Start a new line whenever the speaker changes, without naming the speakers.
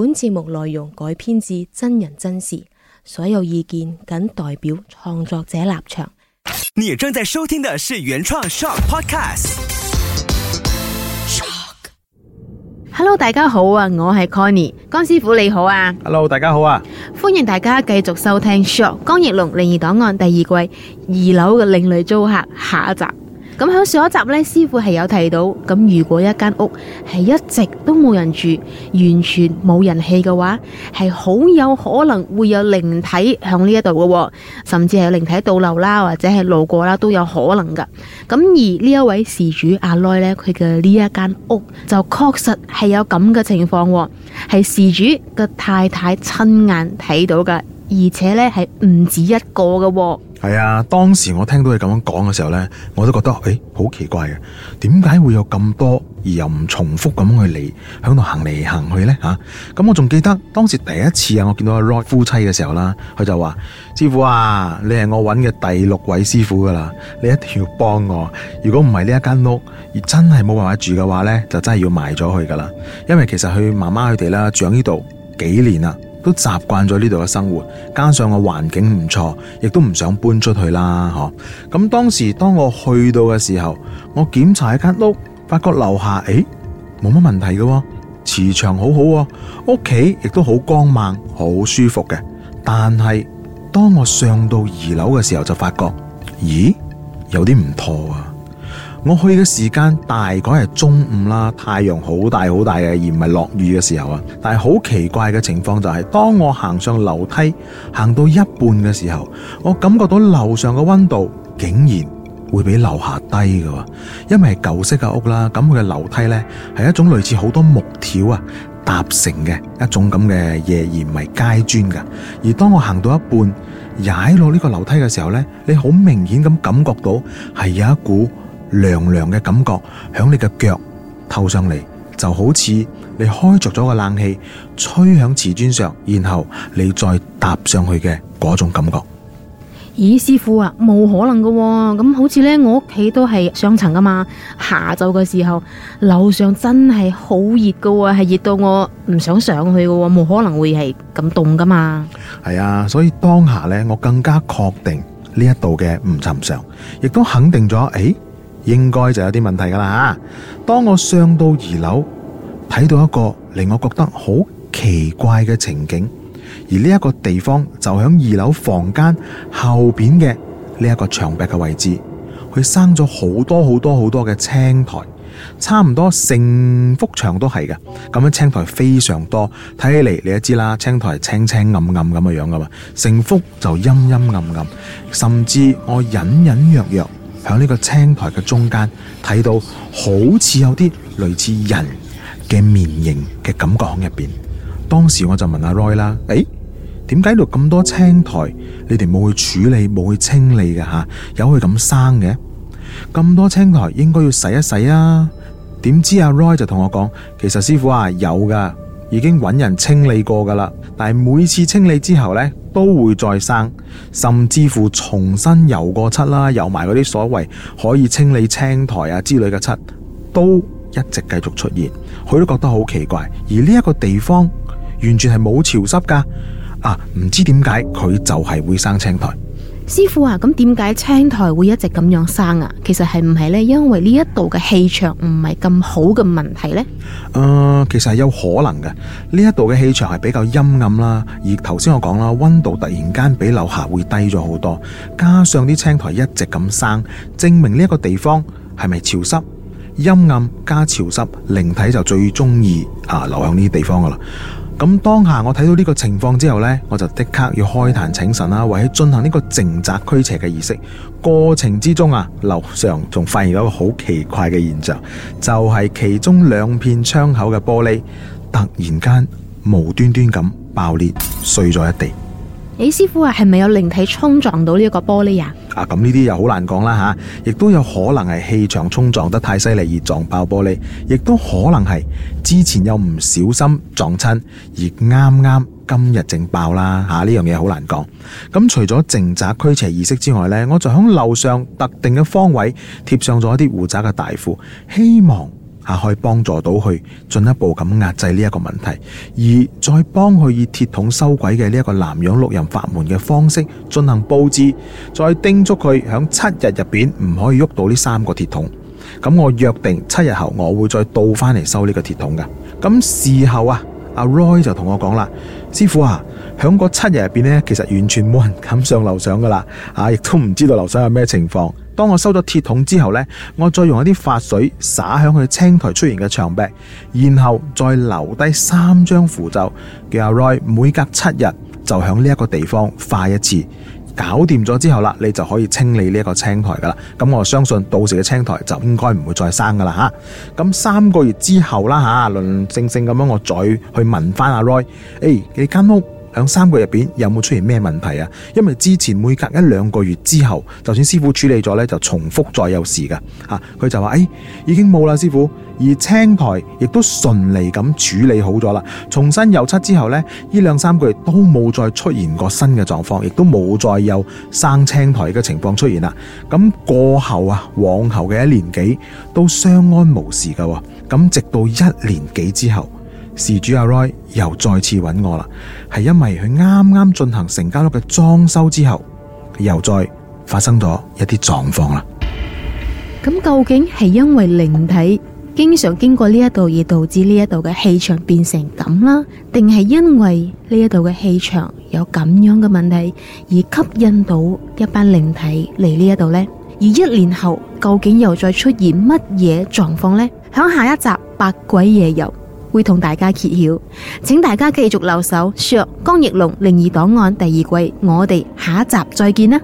本節目內容改編自真人真事，所有意見僅代表創作者立場。你正在收聽的是原創 Shock Podcast。Hello，大家好啊，我係 Connie，江師傅你好啊。
Hello，大家好啊，
歡迎大家繼續收聽 Shock 江奕龍靈異檔案第二季二樓嘅另類租客下一集。咁喺上一集呢，師傅係有提到，咁如果一間屋係一直都冇人住，完全冇人氣嘅話，係好有可能會有靈體響呢一度嘅，甚至係靈體逗留啦，或者係路過啦都有可能噶。咁而呢一位事主阿奶呢，佢嘅呢一間屋就確實係有咁嘅情況喎，係事主嘅太太親眼睇到噶，而且呢係唔止一個嘅喎。
係啊，當時我聽到你咁樣講嘅時候呢，我都覺得誒好奇怪嘅，點解會有咁多而又唔重複咁去嚟，響度行嚟行去呢？吓、啊？咁我仲記得當時第一次啊，我見到阿 Rock 夫妻嘅時候啦，佢就話：師傅啊，你係我揾嘅第六位師傅噶啦，你一定要幫我。如果唔係呢一間屋而真係冇辦法住嘅話呢，就真係要賣咗佢噶啦。因為其實佢媽媽佢哋咧，住喺呢度幾年啦。都習慣咗呢度嘅生活，加上個環境唔錯，亦都唔想搬出去啦。嗬、啊！咁當時當我去到嘅時候，我檢查一間屋，發覺樓下誒冇乜問題㗎喎，磁場好好喎，屋企亦都好光猛，好舒服嘅。但係當我上到二樓嘅時候，就發覺咦有啲唔妥啊！我去嘅時間大概係中午啦，太陽好大好大嘅，而唔係落雨嘅時候啊。但係好奇怪嘅情況就係，當我行上樓梯，行到一半嘅時候，我感覺到樓上嘅溫度竟然會比樓下低嘅，因為係舊式嘅屋啦。咁佢嘅樓梯呢，係一種類似好多木條啊搭成嘅一種咁嘅嘢，而唔係階磚嘅。而當我行到一半，踩落呢個樓梯嘅時候呢，你好明顯咁感覺到係有一股。涼涼嘅感覺響你嘅腳透上嚟，就好似你開着咗個冷氣吹響瓷磚上，然後你再踏上去嘅嗰種感覺。
咦、欸，師傅啊，冇可能噶、哦，咁好似呢，我屋企都係雙層噶嘛。下晝嘅時候樓上真係好熱噶，係熱到我唔想上去噶、哦，冇可能會係咁凍噶嘛。
係啊，所以當下呢，我更加確定呢一度嘅唔尋常，亦都肯定咗，誒、欸。應該就有啲問題噶啦吓！當我上到二樓，睇到一個令我覺得好奇怪嘅情景，而呢一個地方就響二樓房間後邊嘅呢一個牆壁嘅位置，佢生咗好多好多好多嘅青苔，差唔多成幅牆都係嘅。咁樣青苔非常多，睇起嚟你都知啦，青苔青青暗暗咁嘅樣噶嘛，成幅就陰陰暗暗，甚至我隱隱約約。喺呢個青苔嘅中間睇到好似有啲類似人嘅面型嘅感覺喺入邊。當時我就問阿 Roy 啦，誒、欸，點解度咁多青苔？你哋冇去處理，冇去清理嘅吓，由佢咁生嘅？咁多青苔應該要洗一洗啊！點知阿 Roy 就同我講，其實師傅啊，有噶，已經揾人清理過噶啦。但係每次清理之後呢。都會再生，甚至乎重新油過漆啦，油埋嗰啲所謂可以清理青苔啊之類嘅漆，都一直繼續出現。佢都覺得好奇怪，而呢一個地方完全係冇潮濕㗎啊，唔知點解佢就係會生青苔。
師傅啊，咁點解青苔會一直咁樣生啊？其實係唔係呢？因為呢一度嘅氣場唔係咁好嘅問題呢。
啊、呃，其實係有可能嘅。呢一度嘅氣場係比較陰暗啦，而頭先我講啦，温度突然間比樓下會低咗好多，加上啲青苔一直咁生，證明呢一個地方係咪潮濕、陰暗加潮濕，靈體就最中意啊留喺呢啲地方噶啦。咁當下我睇到呢個情況之後呢，我就即刻要開壇請神啦，為咗進行呢個淨宅驅邪嘅儀式。過程之中啊，樓上仲發現咗一個好奇怪嘅現象，就係、是、其中兩片窗口嘅玻璃突然間無端端咁爆裂碎咗一地。
李師傅話：係咪有靈體衝撞到呢一個玻璃啊這
這。啊，咁呢啲又好難講啦吓，亦都有可能係氣場衝撞得太犀利而撞爆玻璃，亦都可能係之前又唔小心撞親，而啱啱今日正爆啦吓，呢、啊、樣嘢好難講。咁、啊、除咗靜宅驅邪儀式之外，呢我就響樓上特定嘅方位貼上咗一啲護宅嘅大符，希望。啊，可以幫助到佢進一步咁壓制呢一個問題，而再幫佢以鐵桶收鬼嘅呢一個南洋六壬法門嘅方式進行布置，再叮囑佢響七日入邊唔可以喐到呢三個鐵桶。咁我約定七日後我會再倒翻嚟收呢個鐵桶噶。咁事後啊，阿 Roy 就同我講啦，師傅啊，響個七日入邊呢，其實完全冇人敢上樓上噶啦，啊，亦都唔知道樓上有咩情況。當我收咗鐵桶之後呢，我再用一啲法水灑響佢青苔出現嘅牆壁，然後再留低三張符咒叫阿 Roy 每隔七日就響呢一個地方畫一次，搞掂咗之後啦，你就可以清理呢一個青苔噶啦。咁我相信到時嘅青苔就應該唔會再生噶啦吓。咁三個月之後啦吓，輪輪正正咁樣我再去問翻阿 Roy 誒、哎，你間屋？兩三個月入邊有冇出現咩問題啊？因為之前每隔一兩個月之後，就算師傅處理咗呢，就重複再有事噶吓，佢、啊、就話，哎，已經冇啦，師傅。而青苔亦都順利咁處理好咗啦。重新油漆之後呢，呢兩三個月都冇再出現過新嘅狀況，亦都冇再有生青苔嘅情況出現啦。咁過後啊，往後嘅一年幾都相安無事噶。咁直到一年幾之後。事主阿 Roy 又再次揾我啦，係因為佢啱啱進行成交屋嘅裝修之後，又再發生咗一啲狀況啦。
咁究竟係因為靈體經常經過呢一度而導致呢一度嘅氣場變成咁啦，定係因為呢一度嘅氣場有咁樣嘅問題而吸引到一班靈體嚟呢一度咧？而一年後究竟又再出現乜嘢狀況咧？響下一集《百鬼夜遊》。會同大家揭曉，請大家繼續留守說《江奕龍靈異檔案》第二季，我哋下一集再見
啦！